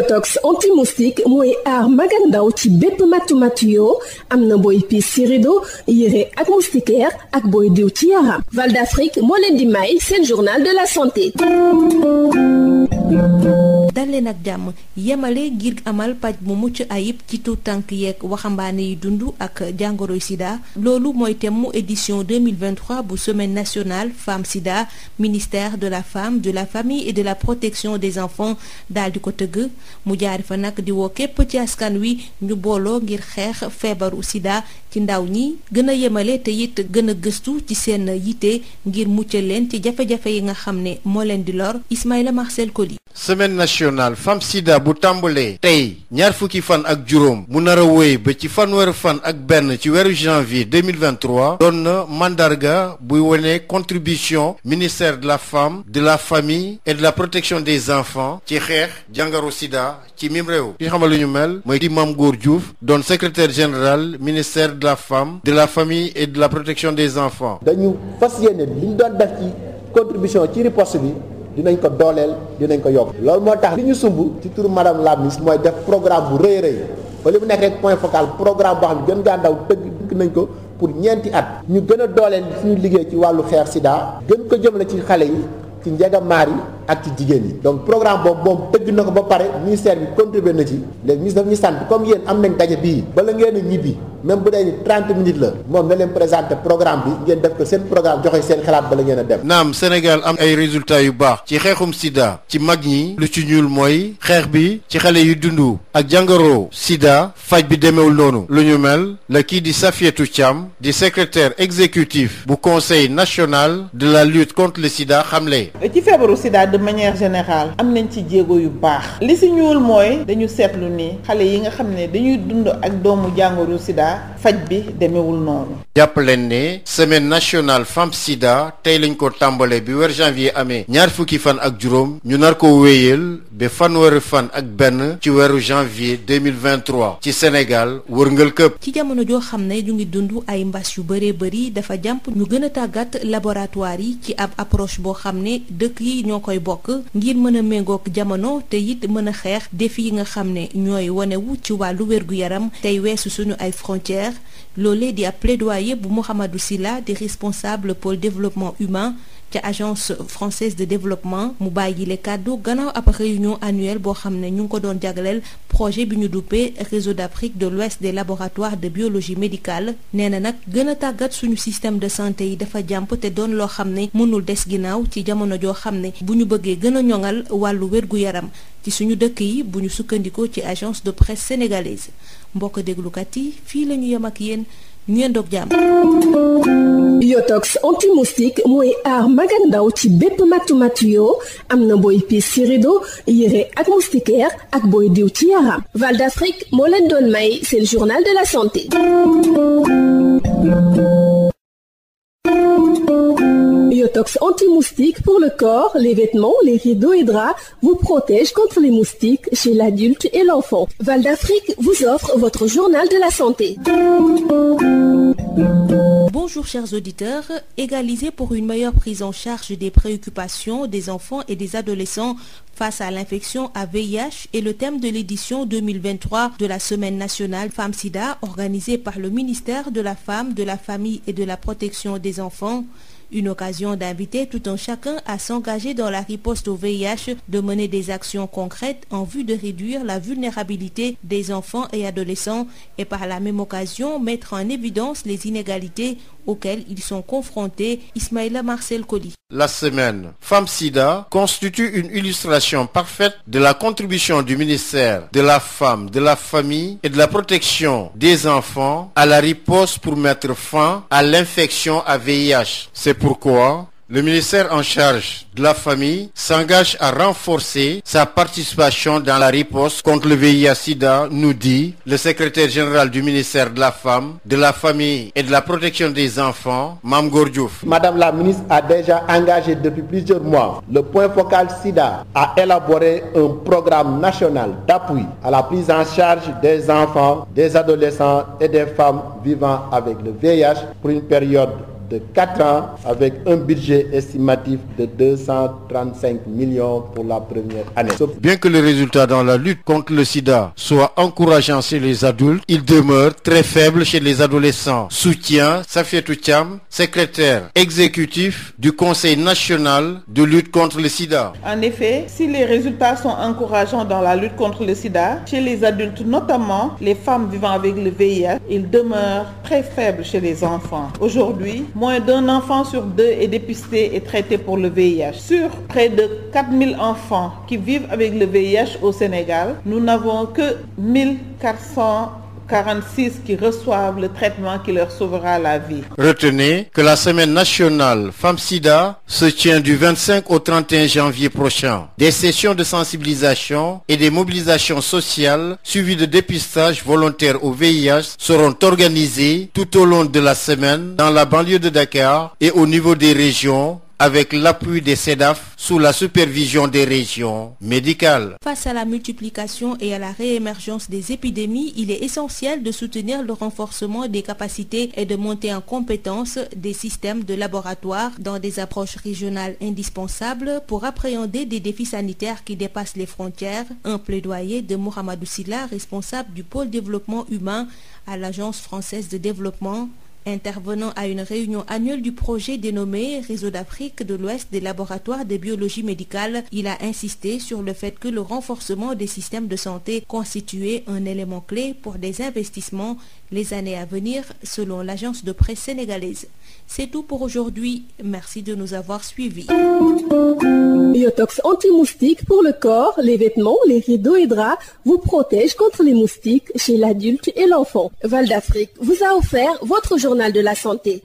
biotox anti-moustique mooy aar mag ak matu-matu yoo am na booy pi ci rido yére ak moustiquaire ak booy diw ci yaram Val d'Afrique moo leen di may sen journal de la santé dal leen ak jàmm yemale ngir amal paj mu mucc ayib ci tu tànk yeeg waxambaane yi dund ak jàngoroy sida loolu mooy thème mu édition 2023 bu semaine national femme sida ministère de la femme de la famille et de la protection des enfants daal di ko tëgg mu jaari fa nag di woo képp ci askan wi ñu booloo ngir xeex feebaru sida ci ndaw ñi gën a yemale te it gën a gëstu ci seen yitte ngir muccal leen ci jafe-jafe yi nga xam ne moo leen di lor Ismaïla Marcel Koli semaine nationale FAMSIDA bu tàmbalee tey ñaar fukki fan ak juróom mu nara a ba ci fan fanweeri fan ak benn ci weeru janvier 2023 doon na mandarga buy wone contribution ministère de la femme de la famille et de la protection des enfants ci xeex jàngoro sida ci mim réew ki xamal lu ñu mel mooy di Mame Gor Diouf doon secrétaire général ministère de la femme de la famille et de la protection des enfants dañu fas yéene li ñu doon def ci contribution ci riposte bi dinañ ko dooleel dinañ ko yokk loolu moo tax li ñu sumb ci tur madame la ministre mooy def programme bu rëy rëy ba li mu nekk rek point focal programme boo xam ne gën gaa tëgg nañ ko pour ñeenti at ñu gën a dooleel suñu liggéey ci wàllu xeer sida gën ko jëm la ci xale yi ci njegamaar yi ak ci jigéen yi donc programme boobu moom tëgg na ko ba pare ministère bi contribué na ci léegi ministre daf ñu sant comme yéen am nañ daje bii bala ngeen a ñibbi même bu dee ni 30 minutes la moom na leen présenter programme bi ngeen def ko seen programme joxe seen xalaat bala ngeen a dem. naam Sénégal am ay résultats yu baax ci xeexum Sida ci mag ñi lu ci ñuul mooy xeex bi ci xale yu dund ak jàngoro Sida faj bi demewul noonu lu ñu mel la kii di Safiatou Thiam di secrétaire exécutif bu conseil national de la lutte contre le Sida xamle. ci feebaru Sida de manière am nañ ci jéego yu baax li si ñuul mooy dañu seetlu ni xale yi nga xam ne dañuy dund ak doomu jàngoro Sida. sida faj bi demewul noonu. jàpp leen ne semaine nationale femme sida tey lañ ko tàmbalee bi weer janvier amee ñaar fukki fan ak juróom ñu nar ko wéyal ba fanweeri fan ak benn ci weeru janvier 2023 ci Sénégal wërngal këpp. ci jamono joo xam ne ñu ngi dund ay mbas yu bëree bëri dafa jàmp ñu gën a tàggat laboratoire yi ci ab approche boo xam ne dëkk yi ñoo koy bokk ngir mën a méngoog jamono te it mën a xeex défi yi nga xam ne ñooy wanewu ci wàllu wér yaram frontières loolee di ab plaidoyer bu Mouhamadou Sylla di responsable pôle développement humain ca agence française de développement mu bàyyi le kàddu gannaaw ab réunion annuelle boo xam ne ñu ngi ko doon jagleel projet bi ñu duppee réseau d'Afrique de l'Ouest des laboratoires de biologie médicale nee na nag gën a tàggat suñu système de santé yi dafa jàmp te doon loo xam ne mënul des ginnaaw ci jamono joo xam ne bu ñu bëggee gën a ñoŋal wàllu wér-gu-yaram ci suñu dëkk yi bu ñu sukkandikoo ci agence de presse sénégalaise mbokk déglukat yi fii la ñu yem ak yéen ñu yendoog jàmm yotox anti mooy aar mag ak ndaw ci bépp matu matu am na booy piis ci rido yére ak moustiquaire ak booy diw ci yaram Val d'Afrique moo leen doon may c'est le journal de la santé Biotox anti-moustique pour le corps, les vêtements, les rideaux et draps vous protège contre les moustiques chez l'adulte et l'enfant. Val d'Afrique vous offre votre journal de la santé. Bonjour chers auditeurs, égaliser pour une meilleure prise en charge des préoccupations des enfants et des adolescents face à l'infection à VIH est le thème de l'édition 2023 de la Semaine nationale Femmes Sida organisée par le ministère de la Femme, de la Famille et de la Protection des enfants. Une occasion d'inviter tout un chacun à s'engager dans la riposte au VIH, de mener des actions concrètes en vue de réduire la vulnérabilité des enfants et adolescents et par la même occasion mettre en évidence les inégalités auxquels ils sont confrontés. Ismaïla Marcel Colli. La semaine Femme Sida constitue une illustration parfaite de la contribution du ministère de la Femme, de la Famille et de la Protection des enfants à la riposte pour mettre fin à l'infection à VIH. C'est pourquoi Le ministère en charge de la famille s'engage à renforcer sa participation dans la riposte contre le VIH-Sida, nous dit le secrétaire général du ministère de la Femme, de la Famille et de la Protection des Enfants, Mam Gordiouf. Madame la ministre a déjà engagé depuis plusieurs mois le point focal Sida à élaborer un programme national d'appui à la prise en charge des enfants, des adolescents et des femmes vivant avec le VIH pour une période de 4 ans avec un budget estimatif de 235 millions pour la première année. Bien que les résultats dans la lutte contre le sida soient encourageants chez les adultes, ils demeurent très faibles chez les adolescents. Soutien Safietou Thiam, secrétaire exécutif du Conseil national de lutte contre si les résultats sont encourageants la lutte contre le les adultes, notamment les femmes vivant avec le VIH, moins d'un enfant sur deux est dépisté et traité pour le VIH. Sur près de 4000 enfants qui vivent avec le VIH au Sénégal, nous n'avons que 1400 46 qui reçoivent le traitement qui leur sauvera la semaine nationale Femmes-Sida se tient du 25 au 31 janvier prochain. Des sessions de sensibilisation des mobilisations sociales suivies de dépistages volontaires au VIH seront tout au long de la semaine dans la banlieue de et au niveau des régions avec l'appui de SEDAF sous la supervision des régions médicales. Face à la multiplication et à la réémergence des épidémies, il est essentiel de soutenir le renforcement des capacités et de monter en compétence des systèmes de laboratoire dans des approches régionales indispensables pour appréhender des défis sanitaires qui dépassent les frontières. Un plaidoyer de Mohamed Silla, responsable du pôle développement humain à l'Agence française de développement Intervenant à une réunion annuelle du projet dénommé Réseau d'Afrique de l'Ouest des laboratoires de biologie médicale, il a insisté sur le fait que le renforcement des systèmes de santé constituait un élément clé pour des investissements les années à venir, selon l'agence de presse sénégalaise. C'est tout pour aujourd'hui. Merci de nous avoir suivis. Biotox anti-moustique pour le corps, les vêtements, les rideaux et draps vous protège contre les moustiques chez l'adulte et l'enfant. Val d'Afrique vous a offert votre journal de la santé.